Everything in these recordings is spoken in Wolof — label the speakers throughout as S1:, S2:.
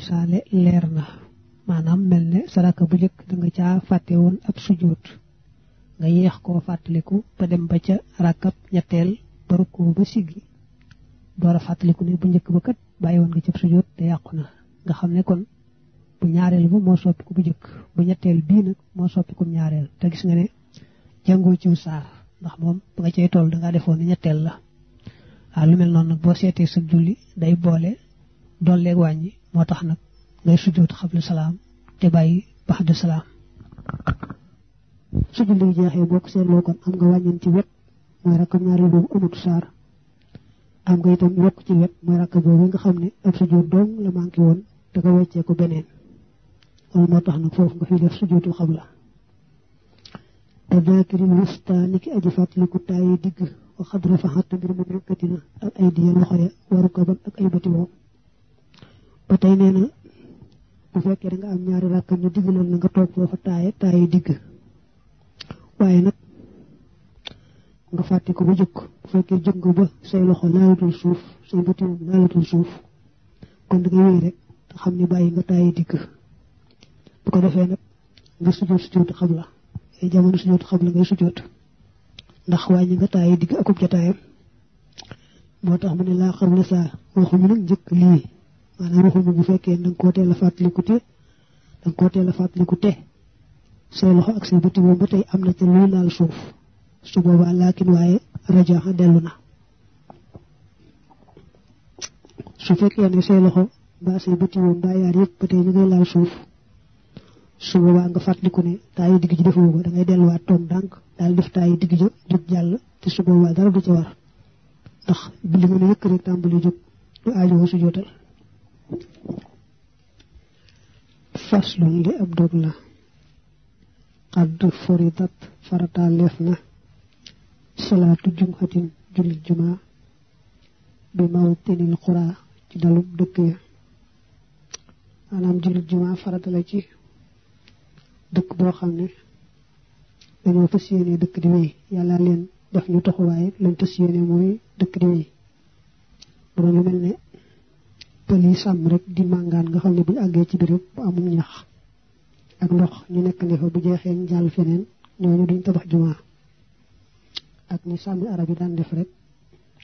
S1: misaale leer na maanaam mel ne saraka bu njëkk da nga caa fàtte woon ab sujjóot nga yéex koo fàttaliku ba dem ba ca rakkab ñetteel baru ko ba siggi door fàttaliku ne bu njëkk ba kat bàyyi woon nga ca sujjóot te yàqu na nga xam ne kon bu ñaareel ba moo soppi bu njëkk bu ñetteel bii nag moo soppi ñaareel te gis nga ne jàngoo ciw saar ndax moom ba nga cay toll da ngaa defoon ne ñetteel la waaw lu mel noonu nag boo seetee sa julli day boole dolleeg wàññi moo tax nag ngay sujjóot xabla salaam te bàyyi baxda salaam su julli gi jeexee bokk seetloo kon am nga wàññan ci wet mooy rakk ñaari boobu amut saar am nga wet mooy rakk xam ne ab sujjóot dong la manqué woon te nga weccee ko beneen loolu moo tax nag foofu nga fi def sujjóotu xabla te daakiril wusta ni ki aji fàttaliku taaye digg wa xadra faxatta mbir mu nekkatina ak ay diya loxo ya waru ko ak ay bati woom ba tey nee na bu fekkee da am ñaari rakka ñu digg loolu na nga toog foofa taaye taayu digg waaye nag nga fàtte ko ba jóg bu fekkee jóg nga ba say loxo laalatul suuf say bëti laalatul suuf kon da nga wéy rek te xam ne bàyyi nga taayu digg bu ko defee nag nga sujjoot sujjoot xam la ay jamono sujjoot xam la ngay sujjoot ndax wàññi nga taayu digg akub jataayam moo tax mu ne laa xam la saa waxuñu nag njëkk lii maanaam waxuñu bu fekkee da nga koo teel a fàttaliku te da nga koo a say loxo ak say bëti moom ba tey am na ca luy laal suuf su boobaa laakin waaye say loxo mbaa say bëti moom mbaa yaar yëpp ba tey ñu ngay laal suuf su boobaa nga fàttaliku ne taayu digg ji defoo ko da ngay delluwaat toog ndànk daal def taayu digg ja jóg jàll te su boobaa dara du ca ndax li nga ne yëkk rek tàmbali jóg du aajowoo su jootal faslun li ab dog la xadd foridat farataal leef na salaatu jumxatin julli jumaa bi mawtinil xuraa ci dalub dëkk ya maanaam julli jumaa farata la ci dëkk boo xam ne dañoo fas yéene dëkk di wéy yàlla leen def ñu taxawaay lañ fas yéene mooy dëkk di wéy bu doon lu pël yi sàmm rek xam ne buñ àggee ci béréb bu amul ñax ak ndox ñu nekk ne bu jeexee ñu jàll feneen ñooñu duñ tabax jumaa ak ni sàmmi arab daan def rek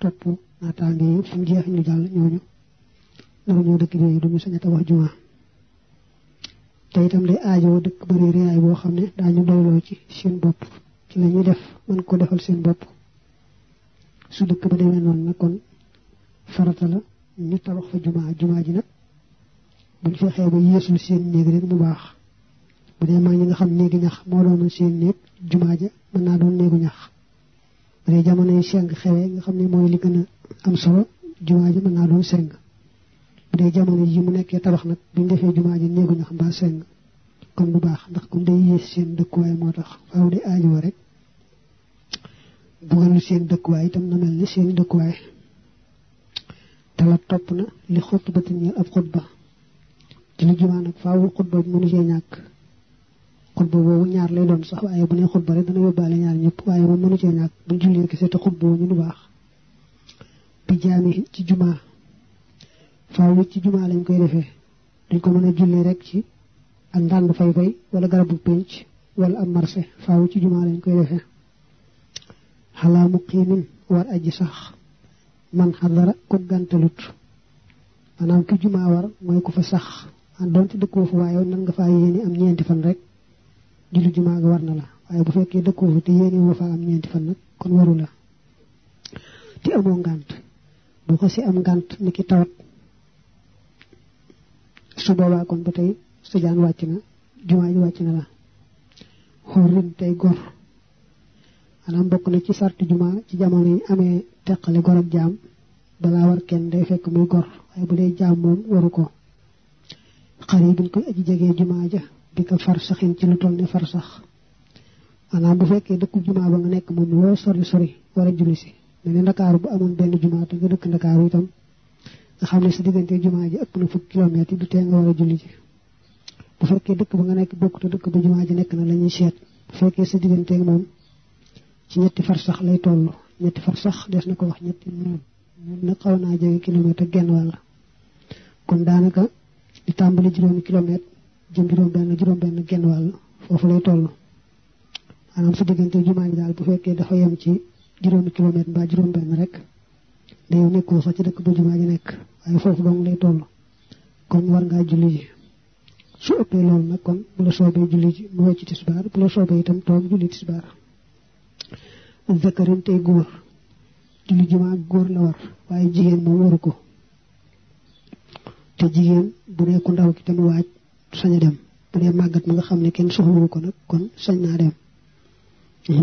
S1: topp naataange yi fu jeex ñu jàll ñooñu ñoo dëkk yooyu duñu sañ a te itam day aajoo dëkk bëri réyaay boo xam ne ñu doyloo ci seen bopp ci la ñuy def mën ko defal seen bopp su dëkk ba demee noonu nag kon ñu tabax fa jumaa jumaa ji nag buñ fexee ba yeesul seen néeg rek mu baax bu dee mag ñi nga xam néegi ñax moo doon seen néeg jumaa ja mën naa doon néegu ñax bu dee jamono yi seng xewee nga xam ne mooy li gën am solo jumaa ji mën naa doon seng bu dee jamono yi mu nekkee tabax nag buñ defee jumaa ji néegu ñax mbaa seng kon bu baax ndax comme day yées seen dëkkuwaay moo tax faaw di aajoo rek dugalul seen dëkkuwaay itam na mel ni seen dëkkuwaay tawat topp na li xutbati ñeel ab xutba julli jumaa nag faaw xutba mënu cee ñàkk xutba boobu ñaar lay doon sax waaye bu ne xutba rek dana yóbbaale ñaar ñëpp waaye moom mënu cee ñàkk bu jullee kese te xutba ñu du baax bi jaami ci jumaa faaw it ci jumaa lañ koy defee dañ ko mën a rek ci ak ndànd fay fay wala garabu pénc wala am marché faaw ci jumaa lañ koy defee xalaa muqimin war aji sax man xadara ko gàntalut maanaam ki jumaa war mooy ko fa sax an doon ci dëkkoo fa waaye nan nga faa yéene am ñeenti fan rek julli jumaa ga war na la waaye bu fekkee dëkkoo fa te yéene woo faa am ñeenti fan nag kon waru te amoo ngànt boo ko si am ngànt ni ki tawat su boobaa kon ba tey sujaan wàcc na jumaa ji wàcc na la xorin tey gor maanaam bokk na ci sarti juma ci jamono yi amee teqale gor ak jaam balaa war kenn day fekk muy gor waaye bu dee jaam moom waru ko xari buñ koy aji jegee juma ja di ko far saxin ci lu toll ne far sax maanaam bu fekkee dëkku juma ba nga nekk moom loo sori sori war a julli si bu amoon benn juma te dëkk ndakaaru itam nga xam ne sa diggante juma ji ëpp na fukki kilomètre du tee a bu fekkee dëkk ba nga nekk bokk dëkk ba juma ji nekk na la ñuy seet bu fekkee sa digganteeg moom ci ñetti far sax lay toll ñetti sax des na ko wax ñetti mil mil nag xaw naa jege kilomètre ak genn wàll kon daanaka di tàmbali juróomi kilomètre jëm juróom-benn juróom-benn genn wàll foofu lay toll maanaam sa diggante jumaa ji daal bu fekkee dafa yem ci juróomi kilomètre mbaa juróom-benn rek da yow nekkoo sax ci dëkk ba jumaa ji nekk waaye foofu dong lay toll kon war ngaa julli ji su ëppee loolu nag kon bu la soobee julli ji mu wecc tisbaar bu la tisbaar am zakarin tey góor julli jumaa góor la war waaye jigéen moom waru ko te jigéen bu dee ku ndaw ki tamit waaj sañ a dem bu dee màggat ma nga xam ne kenn soxlawu ko nag kon sañ naa dem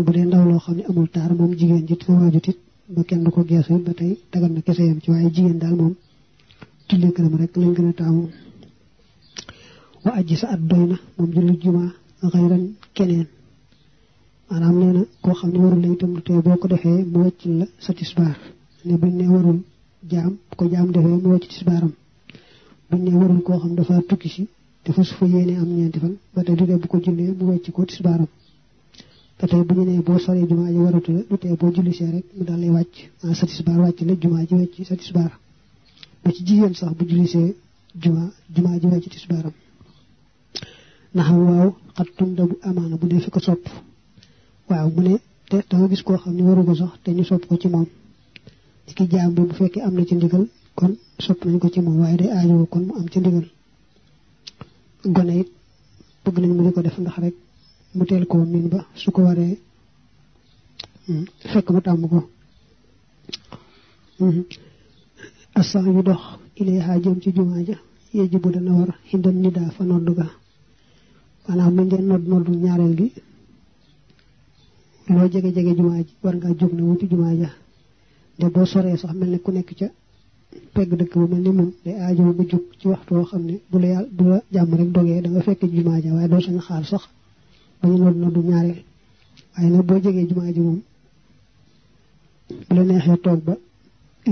S1: bu dee ndaw loo xam ne amul taar moom jigéen ji te waajut it ba kenn du ko geesu ba tey dagal na kese yam ci waaye jigéen daal moom julli këram rek lañ gën a taamu wa aji sa at doy na moom julli jumaa xayran keneen maanaam nee na koo xam ne warul la itam lu tee boo ko defee mu wàcc la sa tisbaar ne buñ ne warul jaam ko jaam defee mu wàcc tisbaaram buñ ne warul koo xam dafa tukki si dafa su fa yéene am ñeenti fan ba tey du tee bu ko jullee mu wàcc ko tisbaaram ba bu ñu nee boo soree jumaa ji waratu la du tee boo jullisee rek mu daal lay wàcc ah sa tisbaar wàcc la jumaa ji wàcc sa tisbaar ba ci jigéen sax bu jullisee jumaa jumaa ji wàcc tisbaaram ndax waaw xat tum da bu amaana bu dee fi ko sopp waaw mu ne danga gis koo xam ne waru ko sax te ñu sopp ko ci moom ki jaam bi bu fekkee am na ci ndigal kon sopp nañ ko ci moom waaye day aajowoo kon mu am ca ndigal gone it bëgg nañ mu di ko def ndax rek mu teel koo miin ba su ko waree hmm, fekk mu tàmm ko hmm. asan yu dox ilayha jëm ci jumaa ja yeji bu dana war xindan ni daa fa nodd ga maanaam mu ngeen nodd noddul ñaareel gi loo jege jege jumaa ji war ngaa jóg na wuti jumaa ja de boo soree sax mel ne ku nekk ca pegg dëkk ba mel ni moom day aajo nga jóg ci waxtu woo xam ne bu la yàlla bu jàmm rek dogee da fekk jumaa ja waaye doo sañ xaar sax ba ñu nodd noddu ñaareel waaye nag boo jegee jumaa ji moom bu la neexee toog ba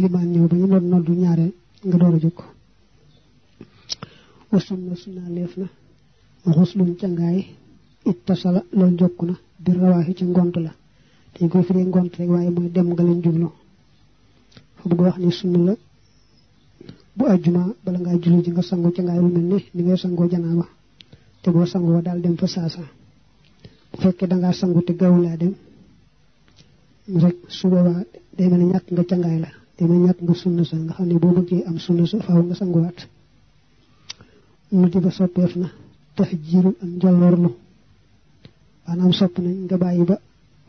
S1: limaan ñëw ba ñu nodd noddu ñaareel nga door a jóg wasam na su naa leef na waxus luñ cangaay it tasala loolu jokk na bir rawaaxi ci ngont la dañ koy firee ngont rek waaye mooy dem nga leen jublu fa bëgg wax ne sunna la bu àjjuna bala ngaa julli ji nga sangu ci ngaay lu mel ni ni ngay sangoo janaaba te boo sangoo daal dem fa saasa bu fekkee dangaa sangu te gaaw laa dem rek su boobaa day mel ñàkk nga cangaay la day mel ñàkk nga sunna sa nga xam ne boo bëggee am sunna sa faaw nga sanguwaat mu di soppeef na tax jiiru ak njàlloorlu maanaam sopp nañ nga bàyyi ba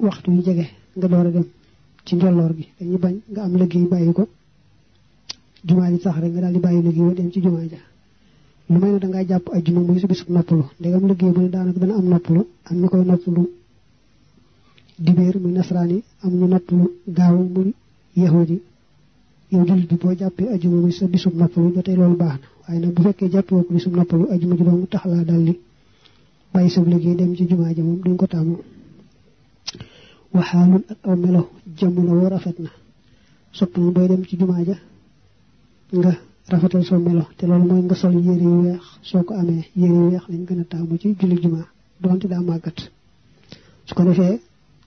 S1: waxtu yu jege nga door a dem ci njolloor gi dañuy bañ nga am liggéey bàyyi ko jumaa ji sax rek nga daal di bàyyi liggéey ba dem ci jumaa ja lu may ne dangaa jàpp ajjuma muy su bisub noppalu ndegam liggéey bu ne daanaka dana am noppalu am ñu koy noppalu dibéer muy nasaraan yi am ñu noppalu gaaw muy yahud yi yow jullit bi boo jàppee ajjuma muy sa bisub noppalu ba tey loolu baax na waaye nag bu fekkee jàppee ko bisub noppalu ajjuma ji doomu tax laa daldi bàyyi sab liggéey dem ci jumaa ji moom duñ ko tàmm waxaalul ak aw melo jamono woo rafet na sopp na booy dem ci jumaa ja nga rafetal soo melo te loolu mooy nga sol yére yu weex soo ko amee yére yu weex lañ gën a taamu ci julli jumaa doonte daa màggat su ko defee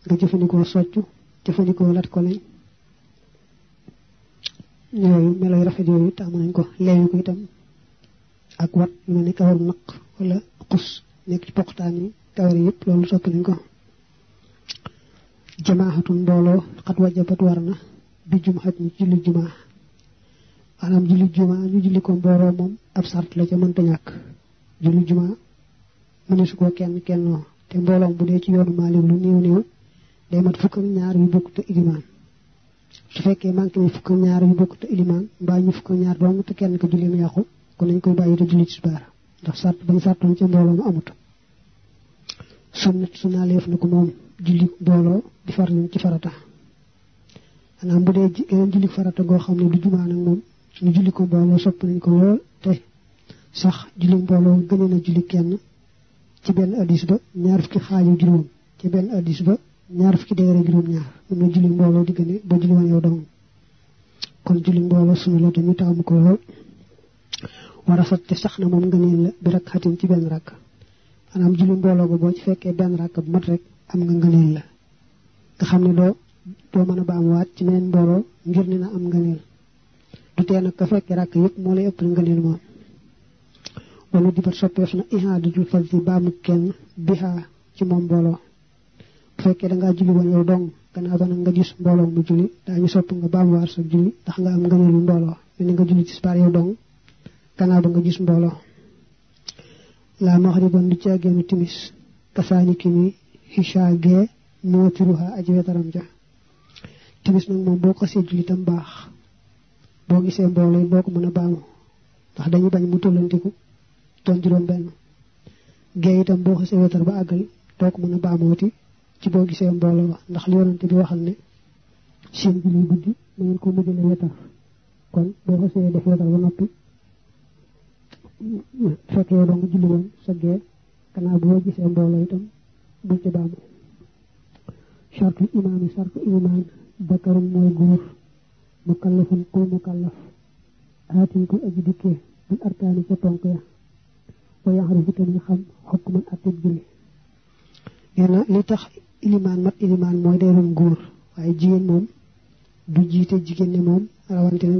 S1: nga jëfandikoo soccu jëfandikoo lat ko lañ yooyu melo yu rafet yooyu taamu nañ ko leeyu ko itam ak wat lu mel ni kawar naq wala xus nekk ci poqtaan yi kawar yëpp loolu sopp nañ ko jamaaxatun mbooloo xat wajabat war na bi jumxat ñu julli jumaa maanaam julli jumaa ñu julli ko mbooloo moom ab sart la ca mënta ñàkk julli jumaa mënesu koo kenn kennoo te mbooloom bu dee ci yoonu Maalik lu néew néew day mat fukk ak ñaar yu bokk te ilimaan ñaar yu bokk te ilimaan mbaa ñu fukk ñaar dong te kenn ko julleem yàqu kon nañ koy bàyyi te julli tisbaar ndax sart ba mu sàttoon ca mbooloo ma amut sunnat sunaaleef na ko moom julli mbooloo di far ci farata xanaa bu dee geneen eh, julli farata goo xam ne du jumaa nag moom ñu julli ko mbooloo sopp nañ ko lool te sax julli mbooloo gënee na julli kenn ci benn addis ba ñaar fukki xaaju juróom ci benn addis ba ñaar fukki deere juróom ñaar moom la julli mbooloo di gëne ba julli woon yow dong kon julli mbooloo sunu la te ñu ko lool war a fat sax na moom ngëneel la bi rakk xatin ci benn rakk maanaam julli mbooloo ba boo ci fekkee benn rakk bu mat rek am nga ngëneel la nga xam ne doo doo mën a baam waat ci meneen mbooloo ngir ne na am ngëneel du tee nag ka fekkee rakk yëpp moo lay ëpp ngëneel moom wala di bat soppeef na ihaadatul fal si baamu kenn bihaa ci moom mbooloo bu fekkee dangaa julli woon yow dong gannaaw ba nag nga gis mbooloo mu julli daañu sopp nga baamuwaat sa julli ndax nga am ngëneelu mbooloo mel ni nga julli ci tisbaar yow dong gannaaw ba nga gis mbooloo laa maxriban du ca génn timis kasaani ki mi isha gee mootiruha aji wetaram ja timis nag moom boo ko séddul itam baax boo gisee mbooloo yi boo ko mën a baamu ndax dañuy bañ mu tollantiku doon juróom benn gee itam boo xasee wetar ba àggal doo ko mën a baamooti ci boo gisee mbooloo ba ndax li yonante bi waxal ne seen bi guddi na ngeen ko mujjale wetar kon boo xasee def wetar ba noppi fekkee dong julli woon sa gee boo gisee mbooloo itam bul ci baamu sartu imaam yi sartu imaan dakarum mooy góor mukallafun ku mukallaf aatin ku aji dikkee bil arkaani ca ponk ya wa yaxrufu tamit xam xokkuman attib julli nee na li tax ilimaan mat ilimaan mooy day doon góor waaye jigéen moom du jiite jigéen ñi moom rawante na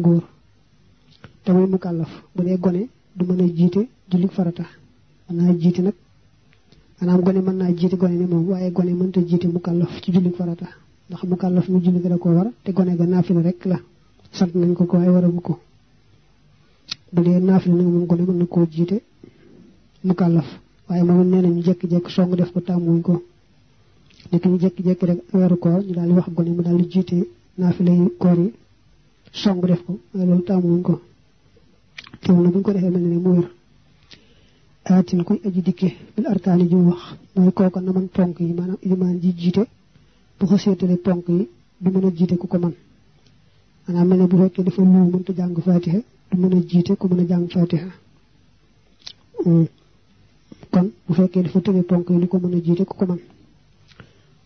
S1: te muy mukallaf bu dee gone du mën a jiite julli farata mën naa nag maanaam gone mën naa jiite gone moom waaye gone mënta jiite mu kàllaf ci julli farata ndax mu kàllaf mu julli ga da war te gone ga naafila rek la sant nañ ko ko waaye waragu ko bu dee naafila nag moom gone mën na koo jiite mu kàllaf waaye moom nee nañu jékki-jékki song def ko tàmmuñ ko léegi ñu jékki-jékki rek weeru koor ñu daal di wax gone mu daal di jiite naafila yi koor yi song def ko waaye loolu ko loolu bu ñu ko defee mel ne mu wér aatin kuy aji dikke bil arkaani ju wax mooy kooka na man ponk yi maanaam ilimaan ji jiite bu ko seetalee ponk yi du mën a jiite ku ko man maanaam mel ne bu fekkee dafa mën a jiite ku mën a jàng hmm. kon bu fekkee dafa tële ponk yi du ko mën a jiite ku ko man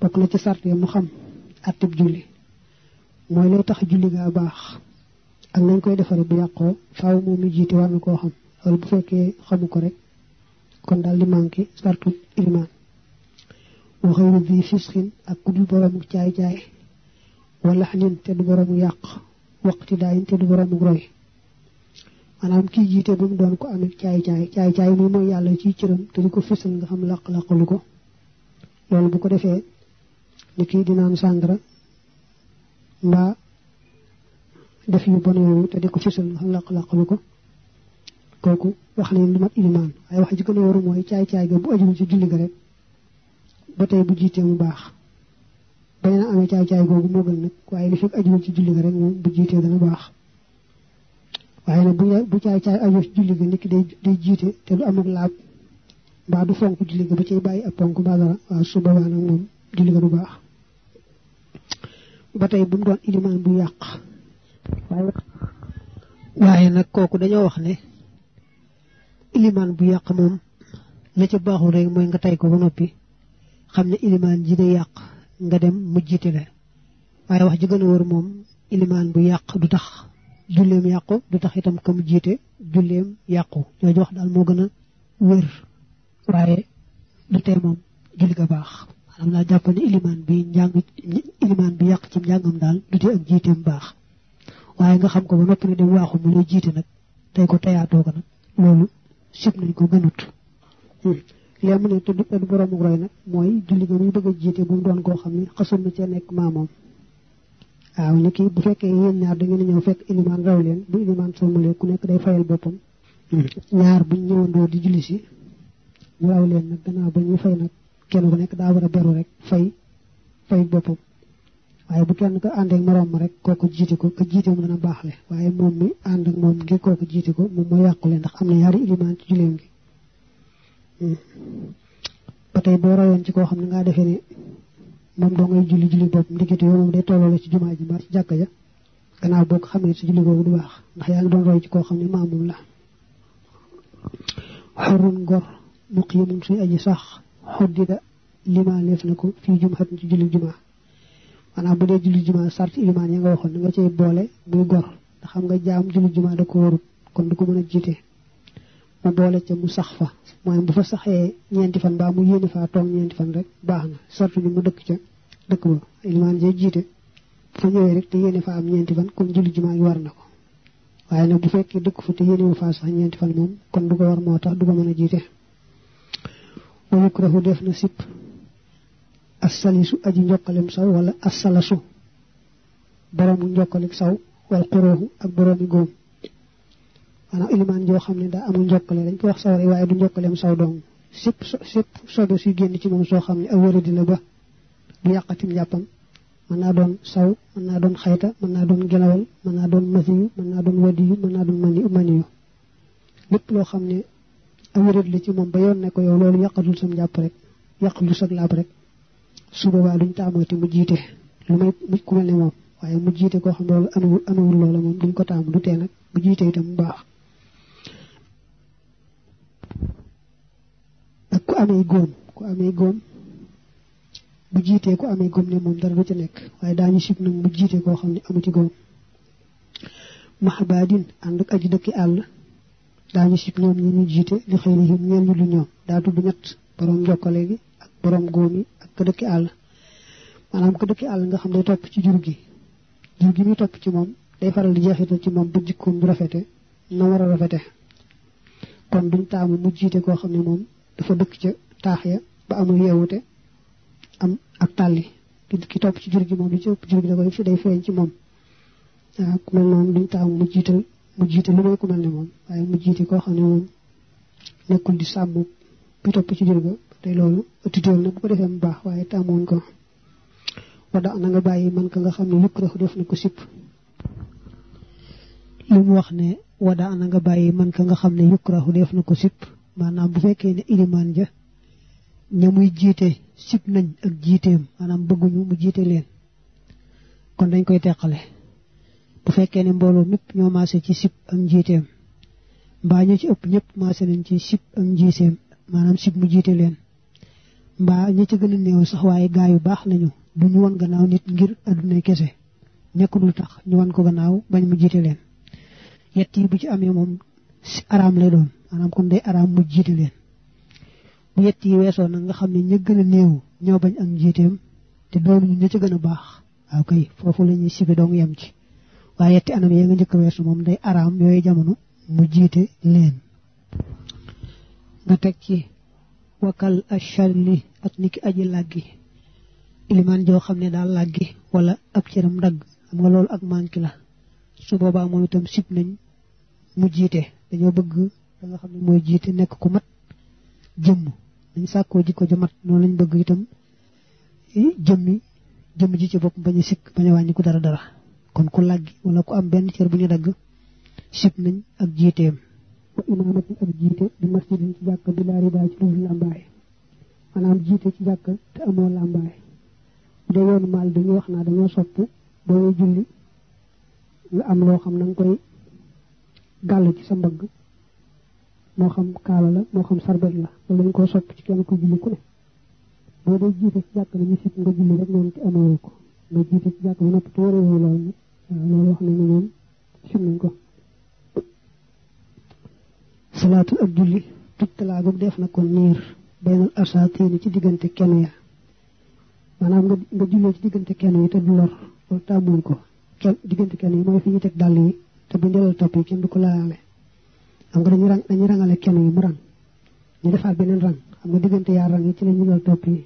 S1: bokk na ci sart yi mu xam attib julli mooy lay tax julli gaa baax ak nañ koy defaree bu yàqoo faaw moom mi jiite war na koo xam wala bu fekkee xamu ko rek kon daal di manqué sartu ilimaan wa xayru bi fisxin ak kudul boroomu caay jaay wala xanin te du boroomu yàq waqti daayin te du boroomu roy maanaam kii jiite ba mu doon ko amee jaay-jaay jaay caay moom mooy yàlla ciy cëram te di ko fisal nga xam laq-laqalu ko loolu bu ko defee ni kii di naan sàngara mbaa def yu bon yooyu te di ko fësal làq-làq lu ko kooku wax leen lu mat ilimaan waaye wax ji gën a waru mooy caay-caay ga bu ajul ci julli ga rek ba tey bu jiitee mu baax bañ na amee caay-caay googu waaye li fekk ajul ci julli rek moom bu jiitee dana baax waaye nag bu caay-caay ajul ci julli ga nit ki day day jiite te du amul laab mbaa du fonk julli ga ba ci bàyyi ab ponk mbaa dara waaw su boobaa nag moom julli ga du baax ba tey bu mu doon ilimaan bu yàq waaye nag kooku dañoo wax ne ilimaan bu yàq moom la ca baaxul rek mooy nga tey ko ba noppi xam ne ilimaan jiite yàq nga dem mu jiite la waaye wax ji gën wër moom ilimaan bu yàq du tax julleem yàqu du tax itam ka mu jiite julleem yàqu jooju wax daal moo gën a wër waaye du tee moom julli ga baax maanaam laa jàpp ne ilimaan bi njàng ilimaan bi yàq ci njàngam daal du tee ak jiiteem baax waaye nga xam ko ba noppi nga dem waaxu mu lay jiite nag tey ko teyaatoo ko nag loolu sib nañ ko gënut hmm. léegi mu ne tudd ëdd boroomu roy nag mooy julli ga muy bëgg a jiite bu mu doon koo xam ne xasul na cee nekk maamoom waaw ni kii bu fekkee yéen ñaar da ngeen ñëw fekk ilimaan raw leen bu ilimaan soomalee ku nekk day fayal boppam hmm. ñaar buñ ñëwandoo di julli si ñu raw leen nag gannaaw ba ñuy fay nag kenn ku nekk daa war a beru rek fay fay boppam waaye bu kenn ko ànd ak moroom ma rek kooku jiite ko ka jiite mu dana baaxle waaye moom mi ànd ak moom ngir kooku jiite ko moom mooy yàqule ndax am na ñaari ilimaan ci julleem gi hmm. ba tey boo royoon ci koo xam ne ngaa defee ne moom doo ngay julli julli bopp ndiggite yoo moom day tolloo ci jumaa ji mbaa ci jàkka ja gannaaw boo ko xam ne ci julli googu du baax ndax yaa ngi doon roy ci koo xam ne maamum la xorun gor muqimun suy aji sax xoddida limaa leef na ko fii ci julli jumaa maanaam bu dee julli juma sart ilimaan ya nga waxoon nga cay boole muy gor ndax xam nga jaam julli juma da ko warut kon du ko mën a jiite mu boole ca mu sax fa mooy bu fa saxee ñeenti fan baa mu yéene faa toog ñeenti fan rek baax na sart bi mu dëkk ca dëkk ba ilimaan ja jiite bu fa ñëwee rek te yéene faa am ñeenti fan kon julli juma yi war na ko waaye nag bu fekkee dëkk fa te yéenewu faa sax ñeenti fan moom kon du ko war moo tax du ko mën a jiite wa yukrahu sipp assalisu aji njokkalem saw wala assalasu boroomu njokkalem saw wal xurooxu ak boroomi góom maanaam ilimaan joo xam ne daa amul njokkale dañ ko wax sawar waaye du njokkalem saw dong sépp sépp sobe suy génn ci moom soo xam ne ak wëradi la ba du yàqatim njàppam mën naa doon saw mën naa doon xayta mën naa doon gelawal mën naa doon masiyu mën naa doon wadiyu mën naa doon mani maniyu lépp loo xam ne ak wëradi ci moom ba yoon ne ko yow loolu yàqatul sam njàpp rek yàqatul rek su boobaa duñ te mu jiite lu may ku mel ne moom waaye mu jiite koo xam loolu amewul loola moom duñ ko taamu du tee nag bu jiite itam mu baax ak ku amee góom ku amee góom bu jiitee ku amee góom ne moom dara du ci nekk waaye daañu sib nag mu jiite koo xam ne amu ci góom mahabaadin ànd ak dëkki àll daa sib ñoom ñi ñu jiite li xëy na ñeen ñu lu ñoom daa tudd ñett boroom jokkale gi ak boroom góom yi ka dëkki àll maanaam ka dëkki àll nga xam ne topp ci jur gi jur gi muy topp ci moom day faral di jeexital ci moom bu jikkoom du rafete na war a rafete kon duñ taamu mu jiite koo xam ne moom dafa dëkk ca taax ba amul yeewute am ak tàlli ki topp ci jur gi moom li ci ëpp jur da ci moom waaw ku mel duñ taamu mu jiital mu jiite lu may ku mel ne moom waaye mu jiite koo xam ne moom nekkul di sàmm bi topp ci jur ga te loolu ëttitoon nag bu baax waaye tàmmoon ko wada nga bàyyi man nga xam ne yukrahu def ko sip li wax ne wada na nga bàyyi man ka nga xam ne yukrahu def na ko sip maanaam bu fekkee ne ilimaan ja ña muy jiite sip nañ ak jiiteem maanaam bëgguñu mu jiite leen kon dañ koy teqale bu fekkee ne mbooloo mépp ñoo maase ci sip ak njiiteem mbaa ñu ci ëpp ñëpp maase nañ ci sip ak njiiteem maanaam sip mu jiite leen mbaa ñi ci gën a sax waaye gaa yu baax lañu du ñu won gannaaw nit ngir addunay kese nekkul lu tax ñu wan ko gannaaw bañ mu jiite leen yett bu ci amee moom si araam lay doon maanaam kon day araam mu jiite leen bu yett yi weesoo nag nga xam ne gën a néew ñoo bañ am jiiteem te doonuñu ña gën a baax foofu la ñuy sibi dong ci waaye yetti anam weesu moom day araam yooyu jamono mu jiite leen teg ci wakal achalli ak niki aji làggi ilimaan joo xam ne daal làggi wala ab cëram dagg xam nga loolu ak manqué la su boobaa moom itam sib nañ mu jiite dañoo bëgg da xam ne mooy jiite nekk ku mat jëmm dañ sàkkoo jikko ju mat noonu lañ bëgg itam eh, jëmmi jëmm ji ci bopp bañ a sikk bañ a dara dara kon ku làggi wala ku am benn cër bu ñu dagg sib nañ ak jiiteem wa imaamatu ak jiite di masjidin ci jàkk bi laa ridaa ci dul làmbaay maanaam jiite ci jàkk te amoo làmbaay bu dee yoonu maal dañuy wax naa dañoo sopp booy julli nga am loo xam na nga koy gàll ci sa mbagg moo xam kaala la moo xam sarbet la loolu koo sopp ci kenn ko julli ku ne boo dee jiite ci jàkk ko nga jiite ci ba noppi te waree wu loolu loolu wax nañ ne moom sim nañ ko salaatul ak julli tuj talaa def na kon niir baynal asaatiini ci diggante kenn ya maanaam nga jullee ci diggante kenn yi te bu lor loolu tàmmuñ ko kenn diggante kenn yi mooy fi ñu teg dàll yi te bu ndelal topp yi kenn du ko laalaale xam nga dañuy rang dañuy rangale kenn yi mu rang ñu defaat beneen rang xam nga diggante yaa rang yi ci la ñu ndelal topp yi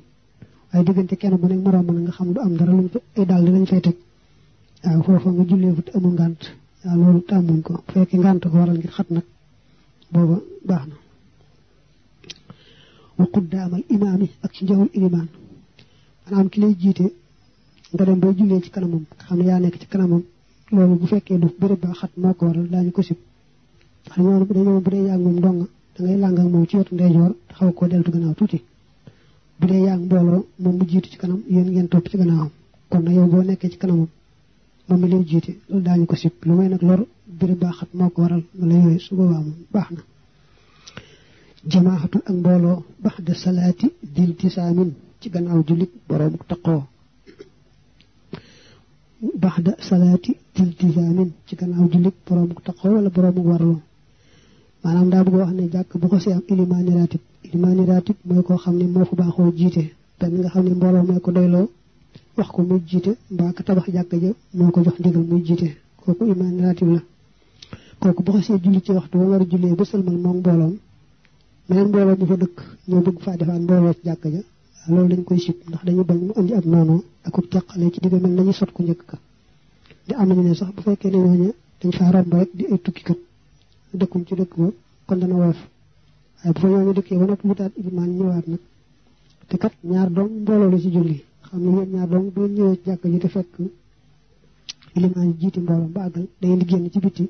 S1: waaye diggante kenn bu nekk moroom mën nga xam du am dara luñ ay dàll lañ fay teg waaw foofa nga jullee fut amul ngànt waaw loolu tàmmuñ ko bu fekkee ngànt ko waral ngir xat nag baax na wa quddaamal imaami ak ci njawul ilimaan maanaam ki lay jiite nga dem bay jullee ci kanamam xam ne yaa nekk ci kanamam loolu bu fekkee du bërëb ba xat moo ko waral daañu ko sib ndax ñoom dañoo bu dee yaa ngi moom dong dangay làng ak moom ci wetu ndeyjoor te xaw koo deltu gannaaw tuuti bu dee yaa ngi mbooloo moom mu jiitu ci kanam yéen ngeen topp ci gannaawam kon nag yow boo nekkee ci kanamam moom mi lay jiite loolu daañu ko sib lu may nag lor bërëb ba xat moo ko waral wala yooyu su boobaa moom baax na jamaaxatun ak mbooloo baxda salaati diltisaamin ci gannaaw jullit boroom taqoo baxda salaati diltisaamin ci gannaaw jullit boroom taqoo wala boroom warlu maanaam daa bëgg wax ne jàkk bu ko am ilimaani raatib mooy koo xam ni moo fa baaxoo jiite benn nga xam ne mbooloo mooy ko doyloo wax ko muy jiite mbaa ka tabax jàkk ja moo ko jox ndigal muy jiite kooku ilimaani la kooku bu julli ci waxtu ba war a jullee ba sëlmal moom mbooloom yeneen mbooloo di fa dëkk ñoo bëgg faa defaan mbooloo ci jàkka ja loolu dañ koy sib ndax dañu bañ mu andi ab noonu ak ub teqale ci digg mel nañu sot ku njëkk ka di am nañu ne sax bu fekkee ne ñooñu dañ faa romb rek di ay tukkikat dëkkum ci dëkk ba kon dana woyof waaye bu fa ñooñu dëkkee ba noppi wutaat ilimaan ñëwaat nag te kat ñaar doom mbooloo la ci julli xam ne yéen ñaar doom bu ñëwee ci jàkka ji te fekk ilimaan yi jiiti mbooloo ba àggal day génn ci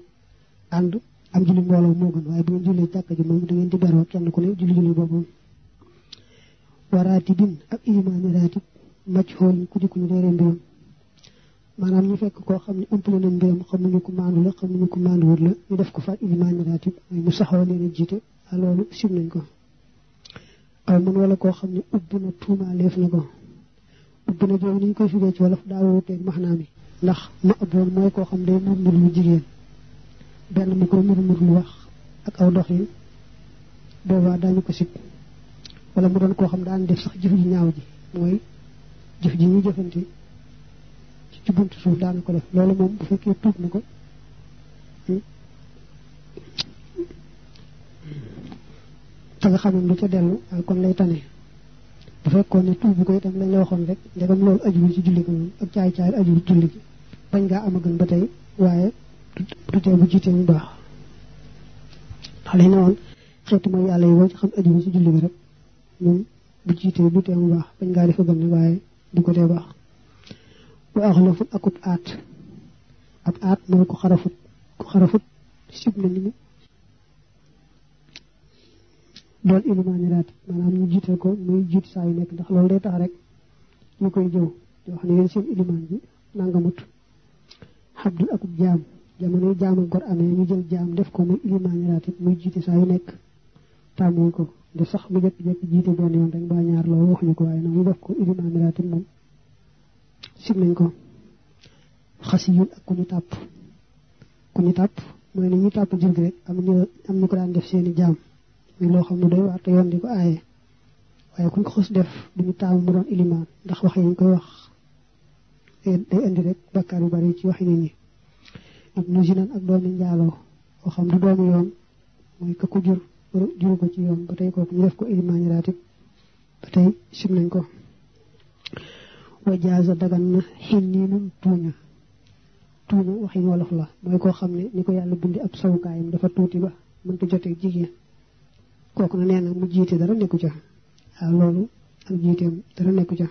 S1: ànd ak julli mbooloo moo gën waaye bu ngeen jullee jàkka ji moom da ngeen di beroo kenn ku ne julli julli boppam waraati bin ak imaami raatib màcc xool ku dikk ñu leeree mbiram maanaam ñu fekk koo xam ne umpale na mbiram xamuñu ko maandu la xamuñu ko maanduwul la ñu def ko fa imaami raatib mooy mu a jiite loolu sib nañ ko aw man koo xam ne ubbi na tuumaaleef ko ubbi na jooju ni ci wolof daa wuuteeg max ndax koo xam day murmur lu jigéen benn mu ko muru mu lu wax ak aw dox yi boobaa daañu ko sib wala mu doon koo xam daan def sax jëf ji ñaaw ji mooy jëf ji ñu jëfante ci buntu suuf daana ko def loolu moom bu fekkee tuub na ko hmm, te nga xamam lu ca dellu kon lay tane bu fekkoon ne tuub bu ko itam lañ la waxoon rek ndegam loolu ajul ci julli gi moom ak caay caay ajul ci julli gi bañ gaa am a gën ba tey waaye du tee bu jiitee mu baax ndax lañ ne woon xeetu mooy yàlla yi boo ci xam aju si julli bi rek moom bu jiitee du tee mu baax bañ ngaa defa bon waaye du ko dee baax bu axlafut akub aat ab aat mooy ko xarafut ko xarafut sib na ni mu doon ilimaani raat maanaam ñu jiital ko muy jiit saa yu nekk ndax lool day tax rek ñu koy jëw yoo xam ne yéen seen ilimaan bi nangamut xabdul akub jaam jamono jaamu gor amee ñu jël jaam def ko muy ilimaan raatib muy jiite saa yu nekk tàmmuñ ko de sax mu jékki-jékki jiite benn yoon rek ba ñaar loolu wax ñu ko waaye nag mu ko ilimaan raatib moom sib nañ ko xasi yun ak tàpp ku ñu tàpp mooy ni ñu tàpp jur rek am am ñu ko daan def seeni jaam muy loo xam ne doy waar yoon di ko aaye waaye kuñ ko xos def duñu taamu mu doon ilimaan ndax wax yi ñu koy wax day indi rek bakkaar bu bari ci waxi yi ak mujinan ak doomi njaaloo koo xam du doomi yoon mooy ka ko juru ko ci yoon ba tey kooku ñu def ko ilimaani raatib ba tey sib nañ ko wajaaza dagan na xin nii nun tuuña tuuña waxin wolof la mooy koo xam ne ni ko yàlla bindi ab sawukaayam dafa tuuti ba mënta jotee jigéen kooku na nee mu jiite dara nekku ca waaw loolu ak jiiteem dara nekku ca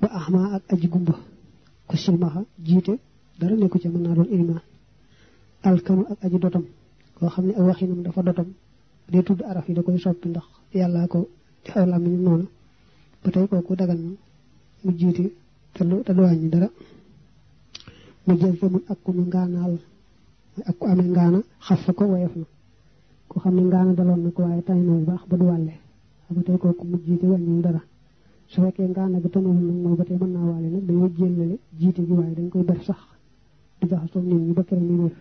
S1: wa axma ak aji gumba ku silmaxa jiite dara nekku ca mën naa doon ijma alkamu ak aji dotam koo xam ne ak waxinam dafa dotam dee tudd araf yi da koy soppi ndax yàllaa ko ci aw làmmiñ noonu ba tey kooku mu jiite te du te du wàññi dara mu jël ak ku mu ngaanaal ak ku amee ngaana xaf ko woyof na xam ne ngaana na ko waaye tànn na bu baax ba du wàlle ba tey kooku mu jiite wàññiwul dara su fekkee ngaana bi tënul nag mooy ba tey mën naa wàlle nag dañoo jéllale jiite gi waaye dañ koy def sax di jaxasoo ñoom ñu ba keroog ñu wér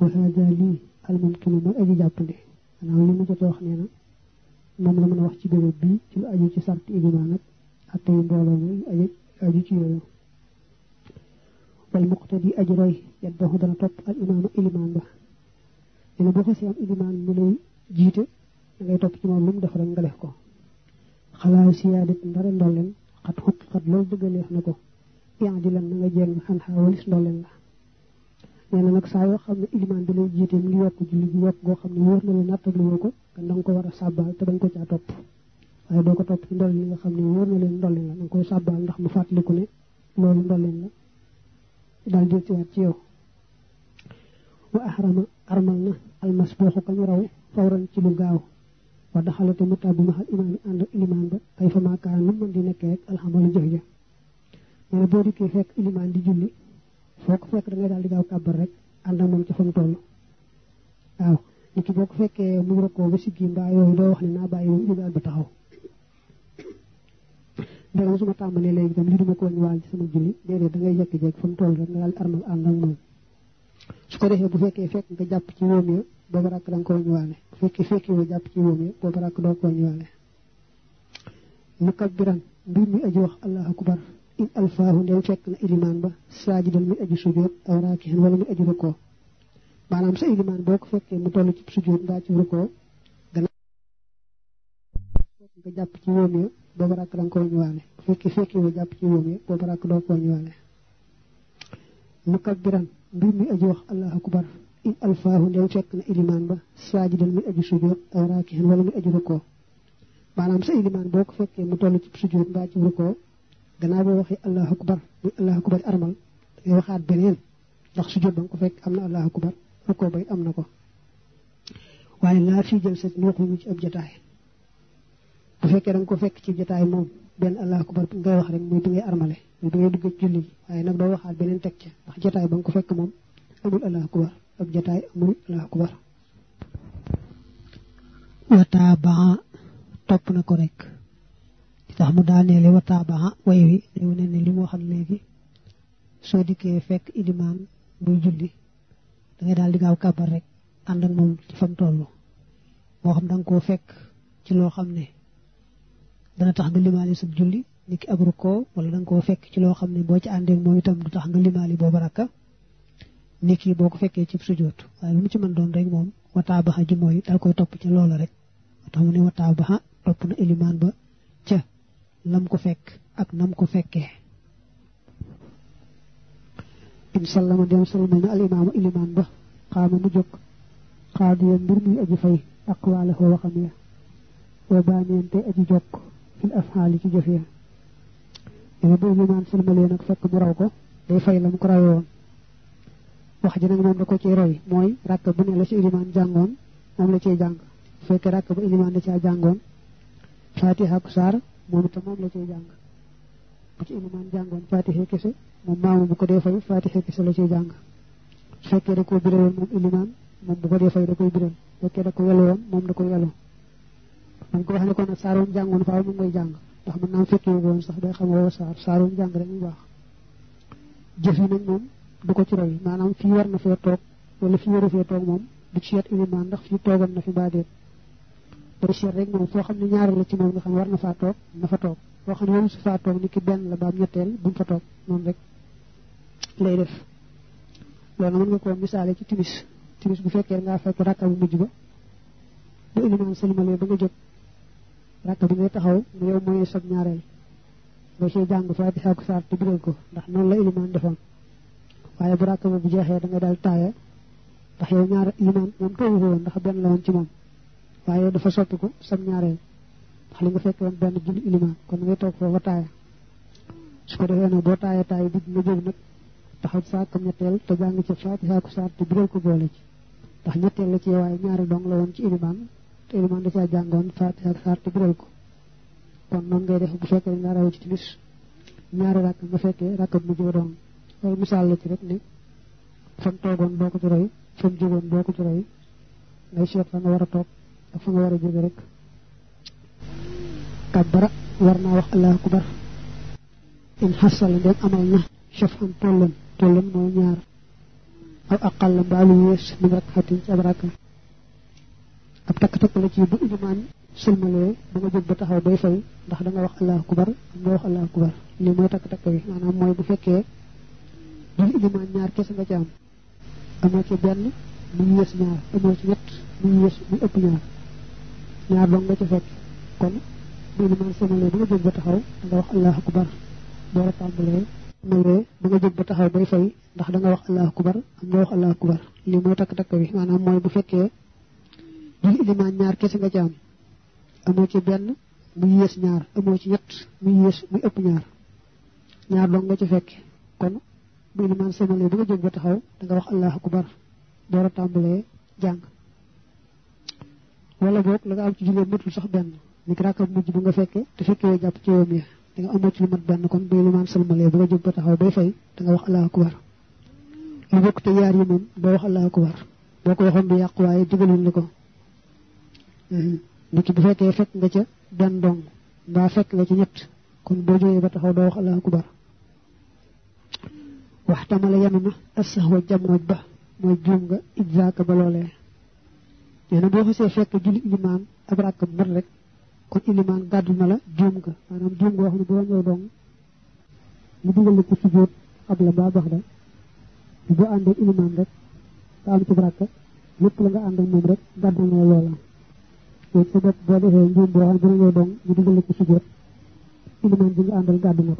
S1: waxaaja lii almumkinu mooy aji jàppandi maanaam li mu wax nee na moom la mën a wax ci béréb bi ci lu aju ci sart ijmaa nag ak tey mbooloo mi aju aju ci yooyu wal muqtadi aji roy yaddahu dana topp al imaamu ilimaan ba nee boo xasee am ilimaan mu lay jiite da topp ci moom lu mu def rek nga def ko xalaaw siyaadat ndara ndolleen xat xukki xat loolu bëgg a na ko yaadilan na nga jéng xan xaa walis ndooleen la nee na nag saa yoo xam ne ilimaan bi lay jiite mu ngi yokk julli gi yokk goo xam ne wóor na ko ko war a sàbbaal te da ko caa topp waaye doo ko topp ci ndolli li nga xam ne wóor na leen ndolli la da koy sàbbaal ndax mu fàttaliku ne loolu ndolleen la dal di ci waat ci yow wa ahrama armal na almasbuuxu kañu raw fawran ci lu gaaw wa daxalate mu tàbbi maxal imaam yi ànd ak ilimaan ba kay fa maakaan lu mën di nekkee rek alxamalu jëf ja nee na boo dikkee fekk ilimaan di julli foo ko fekk da daal di gaaw kàbbar rek ànd ak moom ca fa mu toll waaw fekkee muy rokkoo ba siggi mbaa yooyu doo wax ne naa bàyyi moom ilimaan ba taxaw dara suma tàmbalee léegi itam li duma ko wàññiwaal ci sama julli déedéet da ngay jékki-jékki mu toll rek nga moom su ko defee bu fekkee fekk nga jàpp ci wóom ya booba ràkk ko wàññiwaale bu fekkee fekkee nga ci wóom ya booba ràkk doo ko wàññiwaale mu kabbiran mbir mi aji wax allahu akbar in alfaahu ndeem fekk na ilimaan ba saajidan muy aju sujjóot aw raakihan wala muy aju rukkoo maanaam sa ilimaan boo ko fekkee mu toll ci sujjóot mbaa ci rukkoo fekk nga jàpp ci bu fekkee fekki nga jàpp ci ko mi aju sujjóot aw raakihan wala muy aju rukkoo maanaam sa ilimaan boo ko fekkee mu toll ci sujjóot mbaa ci rukkoo gannaaw boo waxee allahu akbar muy allahu akbar armal am na allahu akbar na ko laa fii ci ab jataay fekkee da ko fekk ci jataay moom benn allahu akbar ngay wax rek muy bi ngay armale ca ndax jataay ba nga ko fekk amul allahu akbar ab jataay amul allahu wataa baa topp na ko rek ndax mu daaneele wa taabaxa way wi day wane ne li mu waxoon léegi soo dikkee fekk ilimaan buy julli da daal di gaaw kàbbar rek ànd ak moom ci fam toll moo xam da nga koo fekk ci loo xam ne dana tax nga limaali sab julli ni ki abru koo koo fekk ci loo xam ne boo ci àndee moom itam du tax nga limaali boobu rakka ni ki boo ko fekkee ci sujjóot waaye lu mu ci mën doon rek moom wa taabaxa ji mooy dal koy topp ci loola rek moo tax mu ne wa topp na ilimaan ba lam ko fekk ak nam ko fekkee in sallama dem salmal na alimaamu ilimaan ba xaama mu jóg xaadiya mbir muy aji fay aqwaala foo waxam ya wa baaniyante aji jokk fil afhaali ci jëf ya dana bu ilimaan salmalee nag fekk mu raw ko day fay lam ko rawee wax ji nag moom da ko ci roy mooy ràkk bu ne la ci ilimaan jàngoon moom la ciy jàng fekke ràkk ba ilimaan da caa jàngoon faatiha saar moom itam la ciy jàng bu ci ilimaan jàngoon faatixe kese moom maamu bu ko dee fay faatixe kese la ciy jàng su fekkee da koo birewoon moom ilimaan moom bu ko dee fay da koy biral fekkee da ko yelu moom da koy yelu man ko wax ne ko nag saaroon jàngoon faaw moom ngay jàng ndax mën naa fekkee woon sax day xam woo saar saaroon jàng rek mu baax jëf yi nag moom bu ko ci roy maanaam fii war na fee toog wala fii waru fee toog moom du ci yet ilimaan ndax fii toogoon na fi mbaa koy rek moom foo xam ne ñaari la ci moom nga xam toog na fa toog foo xam ne moom ñetteel bu mu fa toog noonu rek loolu mën nga koo misaale ci timis timis bu fekkee ngaa fekk bu mujj ba bu ilimaan sëlmalee ba nga jóg rakka bi ngay taxaw nga yow mooy sob ñaareel nga see jàng faatiha ak saar te biral ko ndax noonu la ilimaan defoon waaye bu rakka bu jeexee da daal taaya ndax yow ñaar ilimaan moom toogu ko woon ndax benn la woon ci moom waaye dafa soppiku sam ñaareel ndax li nga fekk woon benn julli ilimaan kon ngay toog foofa taaya su ko defee nag boo taaya taaya bi nga jóg nag taxaw saakam ñetteel te jàng ci faatiha ku saat te biral ci ndax ñetteel la ci waaye ñaari dong la woon ci ilimaan te ilimaan da caa jàngoon faatiha ak saat te biral ko kon noonu ngay def bu fekkee nga raw ci timis ñaari rakk nga fekkee rakk bu mujj ba dong loolu misaal la ci rek ni fam toogoon boo ko ci roy fam jógoon boo ko ci roy ngay seet fa nga war a toog ak fa nga war a jóge rek kàbbara war naa wax allahu akbar in xasala dem amal na chef am tolloon tolloon mooy ñaar aw aqal la mbaalu yees min rakkatin ci ab rakka ab takk-takk la ci bu ilimaan sëlmalee ba jóg ba taxaw bay fay ndax danga wax allahu akbar am nga wax allahu akbar lii mooy takk-takk bi maanaam mooy bu fekkee bu ilimaan ñaar kese nga ci am ci benn muy yées ñaar amoo ci ñett muy yées muy ëpp ñaar ñaar dong nga ci fekk kon bu limaan sëlmalee ba nga jóg ba taxaw danga wax allahu akbar boo la tàmbalee nawee ba nga ba taxaw bay fay ndax wax allahu akbar am nga wax allahu akbar lii takk-takk bi mooy bu fekkee julli ñaar kese nga ci am ci benn muy yées ñaar amoo ci ñett muy ñaar ñaar dong ci fekk kon bu limaan sëlmalee ba nga jóg ba taxaw danga wax allahu akbar boo la tàmbalee jàng wala boog la nga am ci jullee matul sax benn ni ki rakkab mujj bu nga fekkee te fekkee jàpp ci yoom ya da nga amoo ci lu mat benn kon bay limaan salmalee ba nga jóg ba taxaw bay fay da nga wax allahu akbar doo boo ko waxoon yàqu waaye digaluñ la ko ni ki bu fekkee fekk nga ca benn dong mbaa fekk nga ci ñett kon boo jógee ba taxaw doo wax allahu akbar waxtamala yanu na assax wa jamooj ba mooy juum nga ijzaaka ba loolee nee na boo xasee fekk julli ilimaan ab rakk mat rek kon ilimaan gàddu na la juum nga maanaam juum boo ñëw dong mu dugal la ci rek gàddu na sa bopp boo defee njuum boo xam mu dugal la ci gàddu na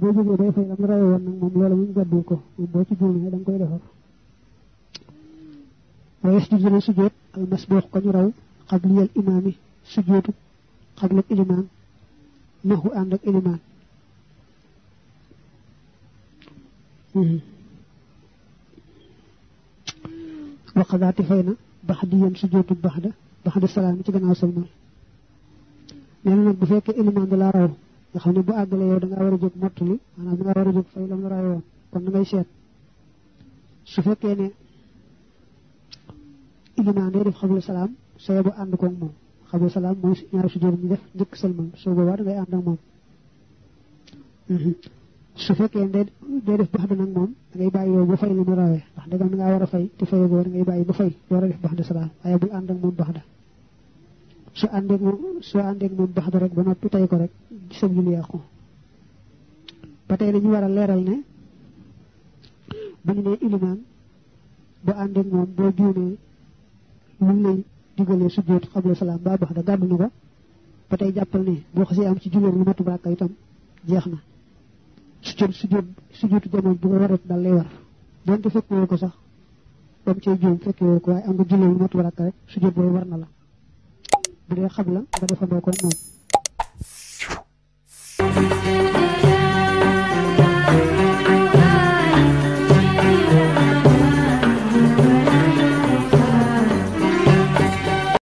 S1: boo jógee day fay woon nag moom loola muñ gàddu ko moom boo ci juumee da nga koy defar wa sujjóot al masbuuq ko ñu raw qabliyal imaami sujjóotu qablak ilimaan naxu ànd ak ilimaan hmm. waqadaati fay na bax di yéen sujjóotu bax da bax ci gannaaw salmal nee na nag bu fekkee ilimaan da raw nga xam ne bu àggalee yow da war a jóg mottali maanaam da ngaa war a jóg fay la mu la kon da seet su fekkee ne ilimaan day def xablu salaam soo yóbbu ànd koog moom xablu salaam mooy ñaari sujjóot ñu def njëkk sëlmal soo boobaa dangay ànd ak moom su fekkee day day def baxda nag moom dangay bàyyi yow ba fay li mu rawee ndax dagam da war a fay te fay boo dangay bàyyi ba fay war a def baxda salaam waaye bul ànd ak moom baxda su àndeeg moom su àndeeg moom rek ba noppi tey ko rek sab julli yàqu ba tey dañu war a leeral ne bu ñu nee ilimaan bu àndeeg mu ngi lay digalee sujjóot xabla salaam ba bax da gàddu na ko ba tey jàppal ne boo xasee am ci juróom lu matu bàkka itam jeex na sujjóot sujjóot sujjóotu jamono bu ko warat dal lay war donte fekkoo ko sax bam cey juum fekkoo ko waaye am nga juróom lu matu bàkka sujjóot boobu war na la bu dee xabla nga defandoo ko moom